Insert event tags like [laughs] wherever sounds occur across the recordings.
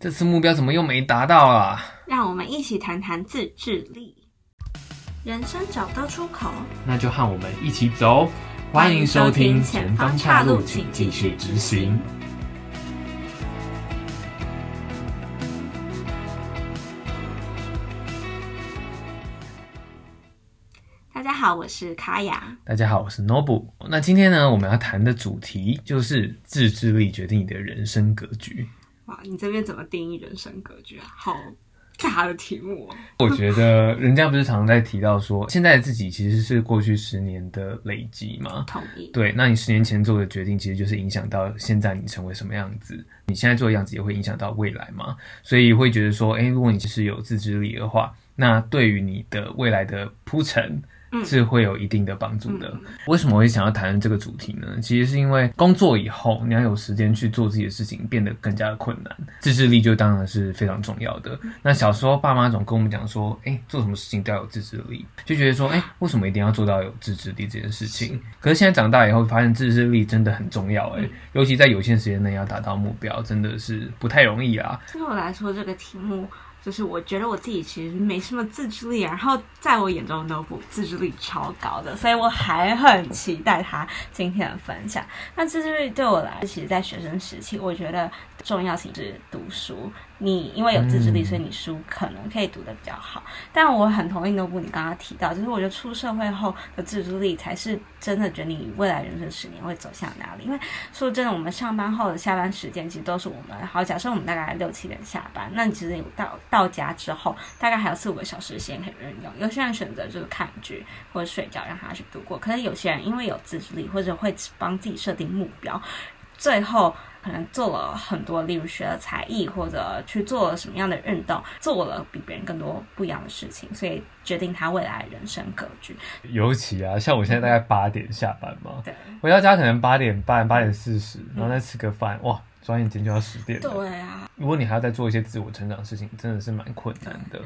這次目標怎麼又沒達到啊？讓我們一起談談自制力。人生找不到出口，那就和我們一起走。歡迎收聽《前方岔路，請繼續直行》。大家好，我是卡雅。大家好，我是 Nobu。那今天呢，我們要談的主題就是自制力決定你的人生格局。你這邊怎麼定義人生格局啊？好尬的題目、啊。我覺得人家不是常常在提到說，現在自己其實是過去十年的累積嗎？同意。對，那你十年前做的決定，其實就是影響到現在你成為什麼樣子。你現在做的樣子也會影響到未來嗎？所以會覺得說，哎、欸，如果你其實有自制力的話，那對於你的未來的鋪陳。是會有一定的幫助的。嗯嗯。為什麼會想要談論這個主題呢？其實是因為工作以後，你要有時間去做自己的事情，變得更加的困難。自制力就當然是非常重要的。嗯嗯。那小時候爸媽總跟我們講說，哎、欸，做什麼事情都要有自制力，就覺得說，哎、欸，為什麼一定要做到有自制力這件事情？可是現在長大以後，發現自制力真的很重要哎、欸嗯，尤其在有限時間內要達到目標，真的是不太容易啊。對我來說，這個題目。就是我覺得我自己其實沒什麼自制力，然後在我眼中 Nobu 自制力超高的，所以我還很期待他今天的分享。那自制力對我來說，其實，在學生時期，我覺得。重要性是讀書，你因為有自制力，所以你書可能可以讀得比較好，嗯。但我很同意 Nobu 你剛剛提到，就是我覺得出社會後的自制力才是真的決定你未來人生十年會走向哪裡。因為說真的，我們上班後的下班時間其實都是我們好，假設我們大概六七點下班，那你其實你到到家之後大概還有四五個小時時間可以運用。有些人選擇就是看劇或者睡覺，讓他去度過。可能有些人因為有自制力，或者會幫自己設定目標，最後，可能做了很多，例如學的才藝或者去做了什麼樣的運動，做了比別人更多不一樣的事情，所以決定他未來人生格局。尤其啊，像我現在大概八點下班嘛，回到家，家可能八點半、八點四十、嗯，然後再吃個飯，哇，轉眼間就要十點了。對啊，如果你還要再做一些自我成長的事情，真的是蠻困難的。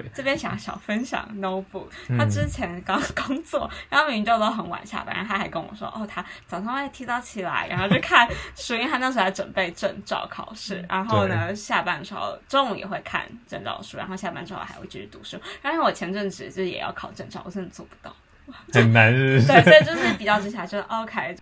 對，這邊想小分享 Nobu 他之前剛工作，嗯、然後每天就都很晚下班。他還跟我說，哦，他早上會提早起來，然後就看書，因為他那時還準備證照考試。然後呢，下班之後中午也會看證照書，然後下班之後還會繼續讀書。但是我前陣子就也要考證照，我真的做不到，很難，是是。 [laughs] 對，所以就是比較之下，就是 OK。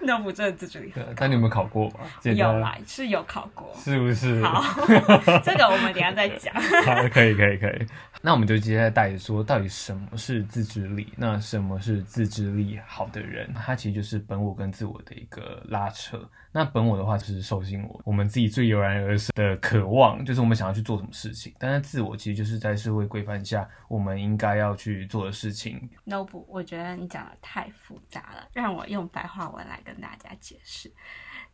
Nobu 這是自制力？但你有沒有考過嗎？有啊，是有考過。是不是？好， [laughs] 這個我們等一下再講 [laughs] 好。可以，可以，可以。那我們就接下來帶著說，到底什麼是自制力？那什麼是自制力好的人？他其實就是本我跟自我的一個拉扯。那本我的話就是獸性我，我們自己最油然而生的渴望，就是我們想要去做什麼事情。但是自我其實就是在社會規範下，我們應該要去做的事情。No，不，我覺得你講得太複雜了，讓我用白話文來。跟大家解釋，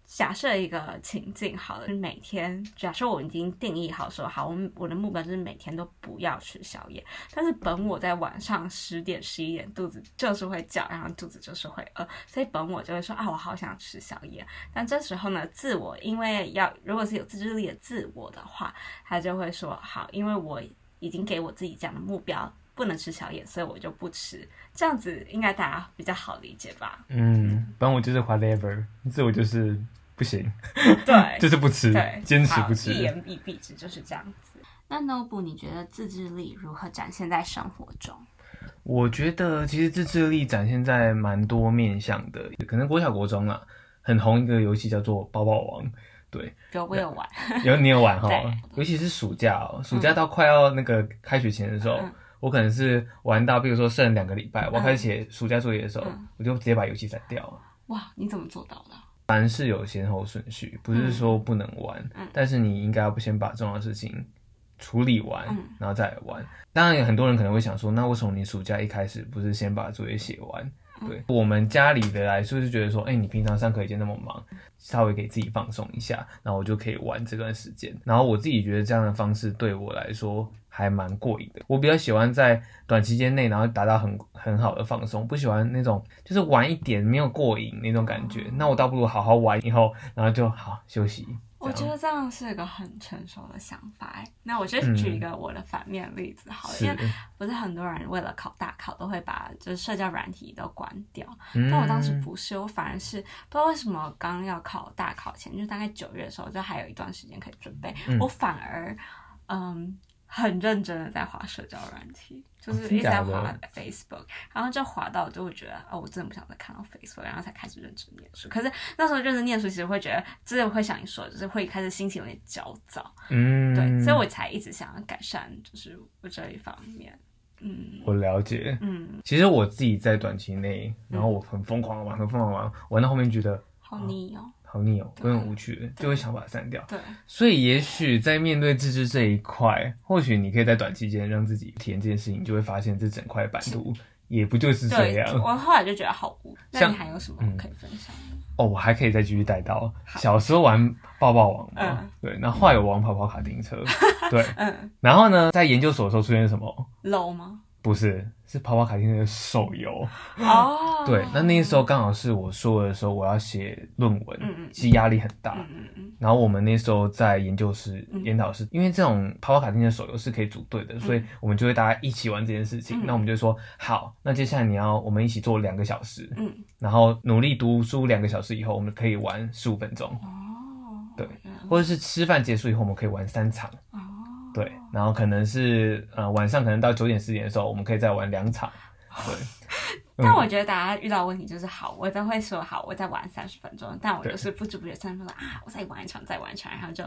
假設一個情境好了，是每天假設我已經定義好說好，我我的目標就是每天都不要吃宵夜。但是本我在晚上十點十一點，肚子就是會叫，然後肚子就是會餓，呃，所以本我就會說啊，我好想吃宵夜。但這時候呢，自我因為要如果是有自制力的自我的話，他就會說好，因為我已經給我自己講的目標，不能吃宵夜，所以我就不吃。這樣子應該大家比較好理解吧？嗯，不然我就是 whatever，這我就是不行。 [laughs] 對， [laughs] 就是不吃對，堅持不吃，一言以蔽之就是這樣子。那 Nobu，你覺得自制力如何展現在生活中？我覺得其實自制力展現在蠻多面向的。可能國小國中啊，很紅一個遊戲叫做《爆爆王》對，對，有沒有玩？有，你有玩哈。尤其是暑假，哦，暑假到快要那個開學前的時候。嗯我可能是玩到，比如說剩兩個禮拜，我開始寫暑假作業的時候，嗯、我就直接把遊戲刪掉了。哇，你怎麼做到的？凡事有先後順序，不是說不能玩，嗯嗯、但是你應該要不先把重要的事情處理完，然後再來玩。當然，有很多人可能會想說，那為什麼你暑假一開始不是先把作業寫完？對、嗯、我們家裡的來說，就覺得說，哎、欸，你平常上課已經那麼忙，稍微給自己放鬆一下，然後我就可以玩這段時間。然後我自己覺得這樣的方式對我來說。還蠻過癮的。我比較喜歡在短期間內，然後達到很很好的放鬆，不喜歡那種就是玩一點沒有過癮那種感覺、嗯。那我倒不如好好玩以後，然後就好休息。我覺得這樣是一個很成熟的想法。那我就舉一個我的反面例子好了，好、嗯，因為不是很多人為了考大考都會把就是社交軟體都關掉、嗯，但我當時不是，我反而是不知道為什麼剛要考大考前，就大概九月的時候，就還有一段時間可以準備，嗯、我反而嗯。很認真的在滑社交軟體，就是一直在滑 Facebook，哦，真的假的？然後就滑到我就會覺得哦，我真的不想再看到 Facebook，然後才開始認真念書。可是那時候認真念書，其實會覺得，真的會想說，就是會開始心情有點焦躁，嗯，對，所以我才一直想要改善，就是我這一方面。嗯，我了解。嗯，其實我自己在短期內，然後我很瘋狂的玩，很瘋狂玩，玩到後面覺得好膩哦。嗯好膩哦，根本無趣，就會想把它刪掉。對，所以也許在面對自制這一塊，或許你可以在短期間讓自己體驗這件事情，你就會發現這整塊版圖也不就是這樣。我後來就覺得好無。那你還有什麼可以分享？嗯、哦，我還可以再繼續帶到小時候玩爆爆王嘛？嗯、對，那後來有玩跑跑卡丁車、嗯。對，嗯。然後呢，在研究所的時候出現什麼？low 嗎？不是，是跑跑卡丁車的手遊哦。Oh, [laughs] 對，那那時候剛好是我說的時候，我要寫論文，其實壓力很大、嗯。然後我們那時候在研究室、嗯、研討室，因為這種跑跑卡丁車的手遊是可以組隊的、嗯，所以我們就會大家一起玩這件事情。嗯、那我們就說好，那接下來你要我們一起做兩個小時、嗯，然後努力讀書兩個小時以後，我們可以玩十五分鐘、oh, okay. 對，或者是吃飯結束以後，我們可以玩三場對，然後可能是呃晚上可能到九點十點的時候，我們可以再玩兩場。對，但我覺得大家遇到問題就是好，我都會說好，我再玩三十分鐘。但我就是不知不覺三十分鐘啊，我再玩一場，再玩一場，然後就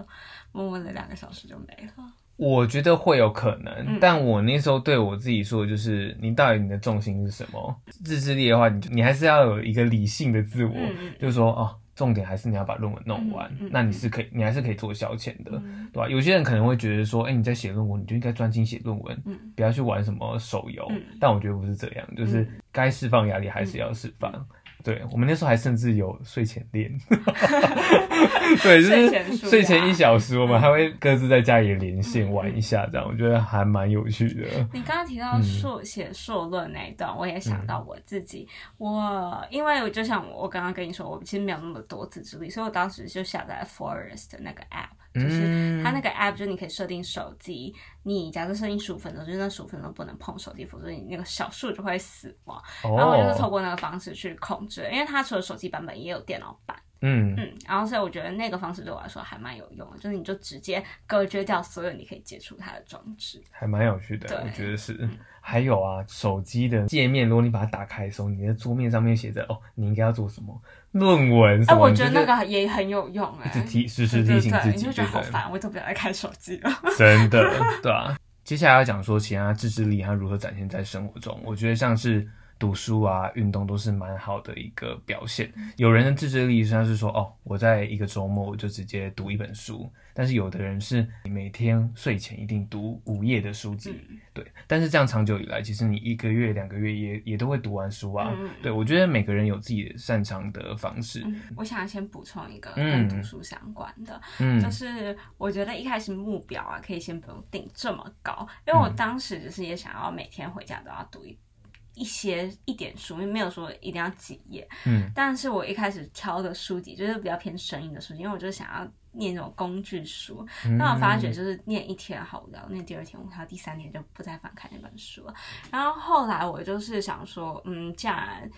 默默的兩個小時就沒了。我覺得會有可能，但我那時候對我自己說的就是，你到底你的重心是什麼？自制力的話你，你就你還是要有一個理性的自我，嗯，就是說哦。重點還是你要把論文弄完，嗯嗯嗯，那你是可以，你還是可以做消遣的，嗯、對吧、啊？有些人可能會覺得說，哎、欸，你在寫論文，你就應該專心寫論文，嗯，不要去玩什麼手遊，嗯。但我覺得不是這樣，就是該釋放壓力還是要釋放。嗯嗯嗯嗯對我們那時候還甚至有睡前練， [laughs] [laughs] 對，就是睡前一小時，我們還會各自在家裡連線玩一下，這樣 [laughs] 我覺得還蠻有趣的。你剛剛提到碩寫、碩論那一段、嗯，我也想到我自己，嗯、我因為我就像我剛剛跟你說，我其實沒有那麼多自制力，所以我當時就下載 Forest 那個 app，、嗯、就是。它那個 app 就是你可以設定手機，你假設設定十五分鐘，就是那十五分鐘不能碰手機，否則你那個小樹就會死亡。Oh. 然後我就是透過那個方式去控制，因為它除了手機版本也有電腦版。嗯嗯，然後所以我覺得那個方式對我來說還蠻有用的，就是你就直接隔絕掉所有你可以接觸它的裝置，還蠻有趣的，啊。我覺得是。嗯、還有啊，手機的界面，如果你把它打開的時候，你的桌面上面寫着哦，你應該要做什麼論文什麼。哎，啊，我覺得那個也很有用哎，提時時提醒自己對對對對對對，你就覺得好煩，我都不想再看手機了。真的，對啊。 [laughs] 接下來要講說其他自制力，它如何展現在生活中？我覺得像是。讀書啊，運動都是蠻好的一個表現。有人的自制力實際上是說，哦，我在一個周末我就直接讀一本書，但是有的人是你每天睡前一定讀五頁的書籍，嗯，對。但是這樣長久以來，其實你一個月、兩個月也也都會讀完書啊。嗯、對我覺得每個人有自己擅長的方式。嗯、我想先補充一個跟讀書相關的、嗯，就是我覺得一開始目標啊，可以先不用定這麼高，因為我當時就是也想要每天回家都要讀一本。一些一點書，因為沒有說一定要幾頁，嗯，但是我一開始挑的書籍就是比較偏聲音的書籍，因為我就想要念那種工具書，那、嗯嗯、我發覺就是念一天好無聊，念第二天，然後第三天就不再翻開那本書了，然後後來我就是想說，嗯，既然。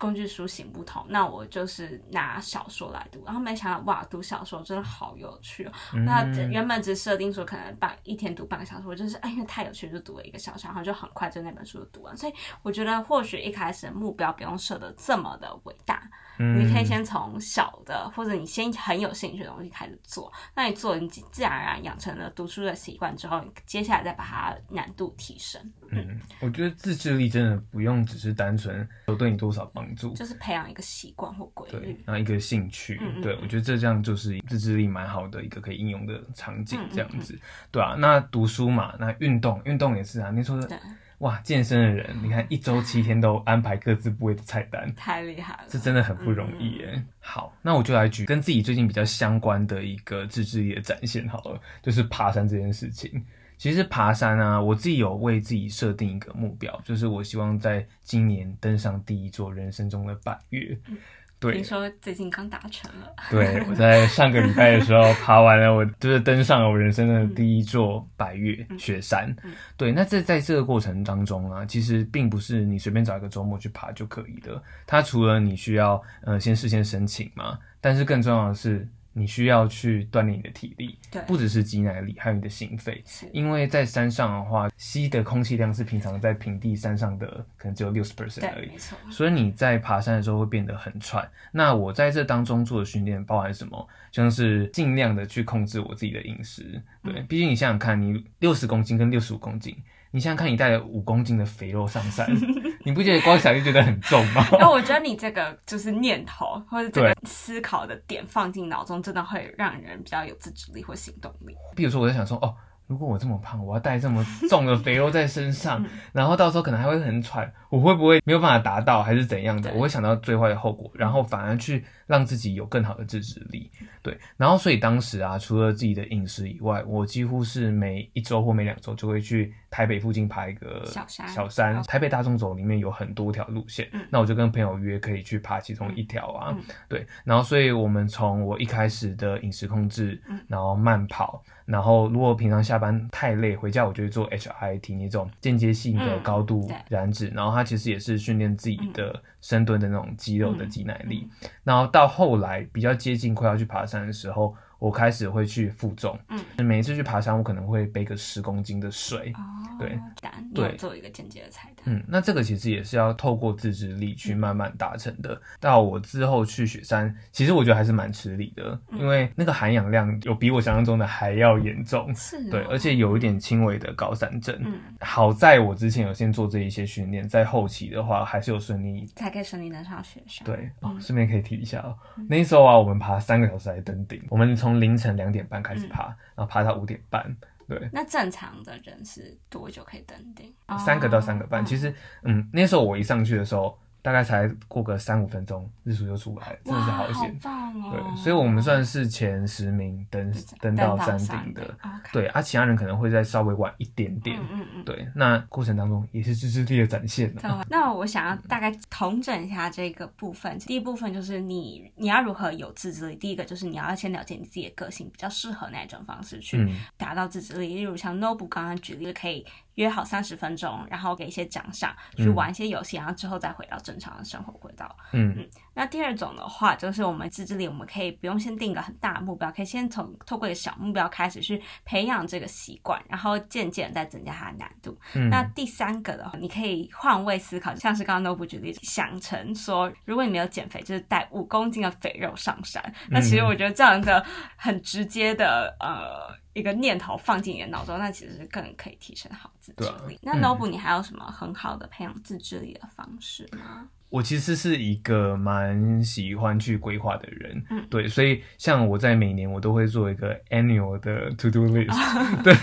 工具書行不通，那我就是拿小說來讀，然後沒想到哇，讀小說真的好有趣哦。嗯、那原本只設定說可能半一天讀半個小時，我就是哎因為太有趣就讀了一個小時，然後就很快就那本書就讀完。所以我覺得或許一開始目標不用設得這麼的偉大，嗯，你可以先從小的或者你先很有興趣的東西開始做，那你做，你自然而然養成了讀書的習慣之後，你接下來再把它難度提升。嗯，我覺得自制力真的不用只是單純有對你多少幫。就是培養一個習慣或規律對，然後一個興趣。嗯嗯對，我覺得這這樣就是自制力蠻好的一個可以應用的場景，這樣子。對啊，那讀書嘛，那運動，運動也是啊。你說的哇，健身的人，嗯、你看一周七天都安排各自部位的菜單，太厲害了，這真的很不容易耶。嗯嗯好，那我就來舉跟自己最近比較相關的一個自制力的展現好了，就是爬山這件事情。其實爬山啊，我自己有為自己設定一個目標，就是我希望在今年登上第一座人生中的百岳。嗯。對，聽說最近剛達成了。對，我在上個禮拜的時候爬完了， [laughs] 我就是登上了我人生中的第一座百岳，嗯，雪山。嗯嗯。對，那在在這個過程當中啊，其實並不是你隨便找一個周末去爬就可以的。它除了你需要呃先事先申請嘛，但是更重要的是。你需要去鍛鍊你的體力，對，不只是肌耐力還有你的心肺，因為在山上的話，吸的空氣量是平常在平地山上的可能只有六十 percent 而已，沒錯。所以你在爬山的時候會變得很喘。那我在這當中做的訓練包含什麼？像、就是尽量的去控制我自己的飲食，對，畢、嗯、竟你想想看，你六十公斤跟六十五公斤，你想想看你帶了五公斤的肥肉上山。 [laughs] 你不覺得光想就覺得很重嗎？那 [laughs] 我覺得你這個就是念頭或者這個思考的點放進腦中，真的會讓人比較有自制力或行動力。比如說我在想說，哦，如果我這麼胖，我要帶這麼重的肥肉在身上， [laughs] 然後到時候可能還會很喘，我會不會沒有辦法達到，還是怎樣的？我會想到最壞的後果，然後反而去讓自己有更好的自制力。對，然後所以當時啊，除了自己的飲食以外，我幾乎是每一周或每兩周就會去。台北附近爬一個小山，小山台北大縱走裡面有很多條路線、嗯，那我就跟朋友約可以去爬其中一條啊、嗯。對，然後所以我們從我一開始的飲食控制，嗯、然後慢跑，然後如果平常下班太累回家，我就會做 H I T 那種間接性的高度燃脂、嗯，然後它其實也是訓練自己的深蹲的那種肌肉的肌耐力、嗯嗯。然後到後來比較接近快要去爬山的時候，我開始會去負重，嗯，每一次去爬山，我可能會背個十公斤的水，對、哦，對，做一個簡潔的菜單，嗯，那這個其實也是要透過自制力去慢慢達成的、嗯。到我之後去雪山，其實我覺得還是蠻吃力的、嗯，因為那個含氧量有比我想象中的還要嚴重，是、哦，對，而且有一點輕微的高山症、嗯。好在我之前有先做這一些訓練，在後期的話還是有順利，才可以順利登上雪山。對，嗯、哦，順便可以提一下哦，嗯、那時候啊，我們爬三個小時才登頂，我們從。從凌晨兩點半開始爬，嗯、然後爬到五點半。對，那正常的人是多久可以登頂？三個到三個半。哦、其實嗯，嗯，那時候我一上去的時候。大概才過個三五分鐘，日出就出來，真的是好險，好棒哦。對，所以我們算是前十名登登到山頂的、的，對，而，OK, 啊，其他人可能會再稍微晚一點點。嗯嗯，嗯對，那過程當中也是自制力的展現，喔，那我想要大概統整一下這個部分，第一部分就是你你要如何有自制力，第一個就是你要先了解你自己的個性，比較適合哪一種方式去達到自制力，嗯，例如像 Nobu 剛剛舉例，就是，可以。約好三十分鐘，然後給一些獎賞，去玩一些遊戲、嗯，然後之後再回到正常的生活軌道。嗯。嗯那第二種的話，就是我們自制力，我們可以不用先定個很大的目標，可以先從透過一個小目標開始去培養這個習慣，然後漸漸再增加它的難度。嗯。那第三個的話，你可以換位思考，像是剛剛 Nobu 舉例子，想成說，如果你沒有減肥，就是帶五公斤的肥肉上山。嗯。那其實我覺得這樣一個很直接的呃一個念頭放進你的腦中，那其實更可以提升好自制力。那 Nobu，你還有什麼很好的培養自制力的方式嗎？嗯我其實是一個蠻喜歡去規劃的人，嗯，對，所以像我在每年我都會做一個 annual 的 to do list， [laughs] 對，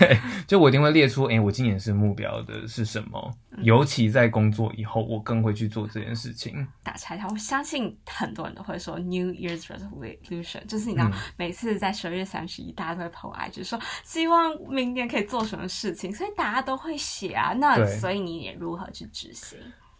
就我一定會列出，誒、欸、我今年是目標的是什麼，嗯。尤其在工作以後，我更會去做這件事情。打岔，我相信很多人都會說 New Year's Resolution，就是你知道，嗯、每次在十二月三十一，大家都會拋愛，就是說希望明年可以做什麼事情，所以大家都會寫啊。那所以你也如何去執行？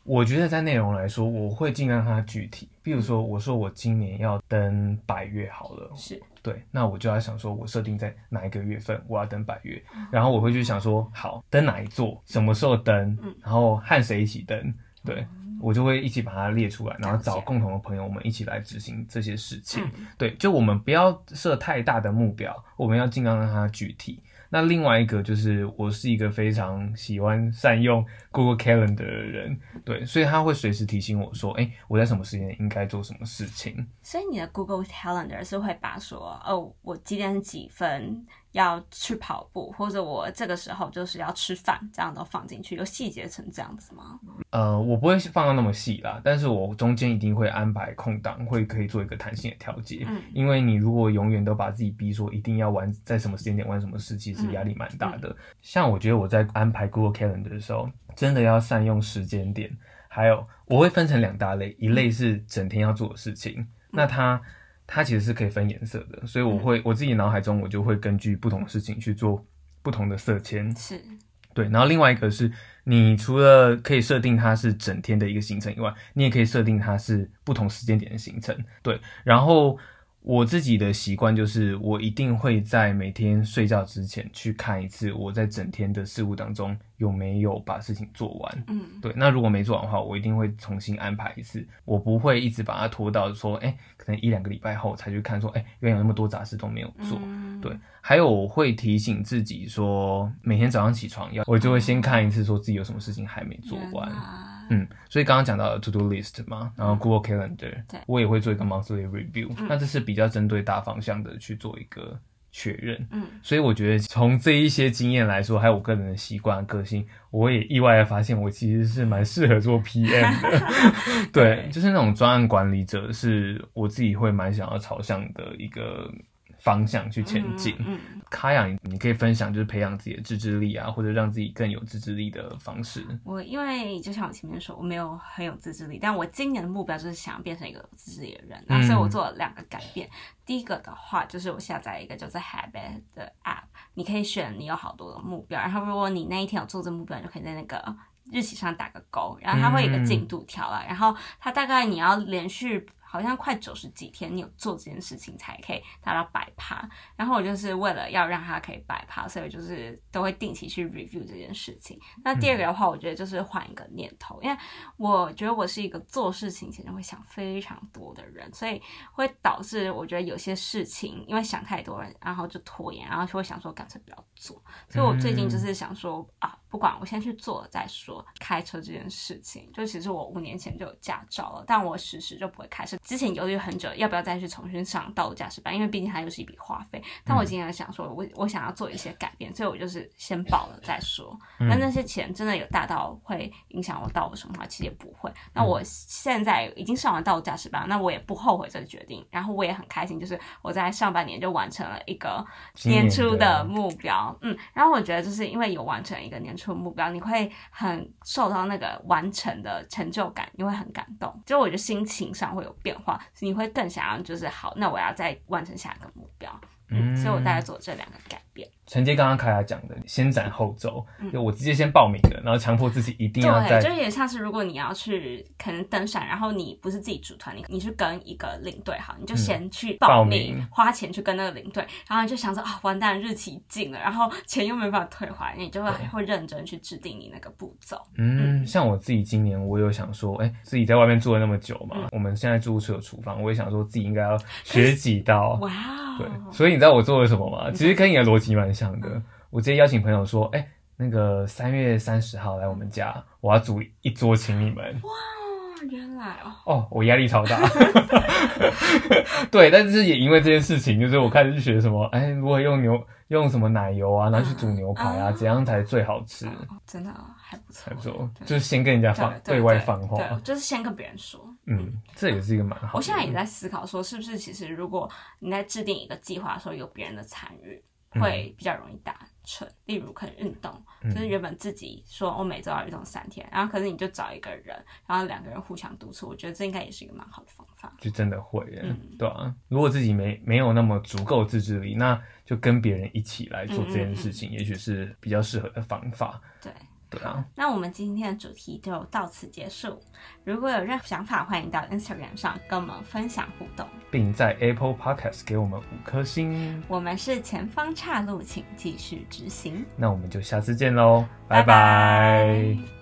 我覺得在內容來說，我會盡量讓它具體。比如說，我說我今年要登百岳，好了，是對。那我就要想說，我設定在哪一個月份我要登百岳，嗯、然後我會去想說，好登哪一座，什麼時候登，然後和誰一起登。對、嗯，我就會一起把它列出來，然後找共同的朋友我們一起來執行這些事情、嗯。對，就我們不要設太大的目標，我們要盡量讓它具體。那另外一個就是，我是一個非常喜歡善用 Google Calendar 的人，對，所以他會隨時提醒我說，哎、欸，我在什麼時間應該做什麼事情。所以你的 Google Calendar 是會把說，哦，我幾點幾分。要去跑步，或者我這個時候就是要吃飯，這樣都放進去，有細節成這樣子嗎？呃，我不會放到那麼細啦，但是我中間一定會安排空檔，會可以做一個彈性的調節。嗯，因為你如果永遠都把自己逼說一定要完在什麼時間點完什麼事，其實壓力蠻大的。嗯。像我覺得我在安排 Google Calendar 的時候，真的要善用時間點，還有我會分成兩大類，一類是整天要做的事情，那它。嗯它其實是可以分顏色的，所以我會我自己腦海中我就會根據不同的事情去做不同的色籤，是對。然後另外一個是，你除了可以設定它是整天的一個行程以外，你也可以設定它是不同時間點的行程。對，然後。我自己的習慣就是，我一定會在每天睡覺之前去看一次，我在整天的事物當中有沒有把事情做完。嗯，對。那如果沒做完的話，我一定會重新安排一次。我不會一直把它拖到說，欸，可能一兩個禮拜後才去看，說，欸，原來有那麼多雜事都沒有做。嗯。對，還有我會提醒自己說，每天早上起床要，我就會先看一次，說自己有什麼事情還沒做完。嗯。嗯，所以剛剛講到的 to do list 嘛，然後 Google Calendar，、嗯、對我也會做一個 monthly review，、嗯、那這是比較針對大方向的去做一個確認。嗯，所以我覺得從這一些經驗來說，還有我個人的習慣和個性，我也意外的發現我其實是蠻適合做 PM 的， [laughs] 對，就是那種專案管理者，是我自己會蠻想要朝向的一個。方向去前進。卡、嗯、雅、嗯，你可以分享就是培養自己的自制力啊，或者讓自己更有自制力的方式。我因為就像我前面說，我沒有很有自制力，但我今年的目標就是想要變成一個有自制力的人，那、嗯、所以我做了兩個改變。第一個的話就是我下載一個叫做 Habit 的 app，你可以選你有好多的目標，然後如果你那一天有做這目標，就可以在那個日期上打個勾，然後它會有一個進度條啊、嗯，然後它大概你要連續。好像快九十幾天，你有做這件事情才可以達到百趴。然後我就是為了要讓他可以百趴，所以我就是都會定期去 review 這件事情。那第二個的話，我覺得就是換一個念頭，因為我覺得我是一個做事情前會想非常多的人，所以會導致我覺得有些事情因為想太多了，然後就拖延，然後就會想說乾脆不要做。所以我最近就是想說啊。不管我先去做再說，開車這件事情，就其實我五年前就有駕照了，但我遲遲就不會開車。之前猶豫很久，要不要再去重新上道路駕駛班，因為畢竟它又是一筆花費。但我今天想說我，我我想要做一些改變，所以我就是先報了再說。那那些錢真的有大到會影響我道路什麼話，其實也不會。那我現在已經上完道路駕駛班，那我也不後悔這個決定。然後我也很開心，就是我在上半年就完成了一個年初的目標的，嗯。然後我覺得就是因為有完成一個年。出目標，你會很受到那個完成的成就感，你會很感動，就我覺得心情上會有變化，所以你會更想要就是好，那我要再完成下一個目標。嗯、所以我大概做這兩個改變。承接剛剛凱雅講的，先斬後奏、嗯，就我直接先報名了，然後強迫自己一定要在、欸，就也像是如果你要去可能登山，然後你不是自己組團，你你去跟一個領隊，好，你就先去報名、嗯、報名，花錢去跟那個領隊，然後你就想着啊、哦，完蛋日期近了，然後錢又沒辦法退還，你就會會認真去制定你那個步驟。嗯，像我自己今年，我也有想說，哎、欸，自己在外面住了那麼久嘛、嗯，我們現在住宿有廚房，我也想說自己應該要學幾道、欸。哇，對，所以。你知道我做了什麼嗎？其實跟你的邏輯蠻像的、嗯。我直接邀請朋友說：“哎、欸，那個三月三十號來我們家，我要煮一桌請你們。”哇，原來哦！哦、oh,，我壓力超大。 [laughs] [laughs] [laughs] 對，但是也因為這件事情，就是我開始去學什麼，哎、欸，如何用牛用什麼奶油啊，拿去煮牛排啊，怎、嗯、樣才最好吃？嗯嗯嗯好吃哦、真的還、哦、不錯，還不錯。就是先跟人家放對，對，對，對外放話對對，就是先跟別人說。嗯、嗯，這也是一個蠻好的。好，我現在也在思考，說是不是其實如果你在制定一個計劃的時候有別人的參與，會比較容易達成、嗯。例如，可能運動、嗯，就是原本自己說我每周要運動三天，然後可是你就找一個人，然後兩個人互相督促，我覺得這應該也是一個蠻好的方法。就真的會、嗯，對啊。如果自己沒沒有那麼足夠自制力，那就跟別人一起來做這件事情，也許是比較適合的方法。嗯嗯嗯、對。對啊，那我們今天的主題就到此結束。如果有任何想法，歡迎到 Instagram 上跟我們分享互動，並在 Apple Podcast 給我們五顆星。我們是前方岔路，請繼續直行。那我們就下次見嘍，拜拜。拜拜。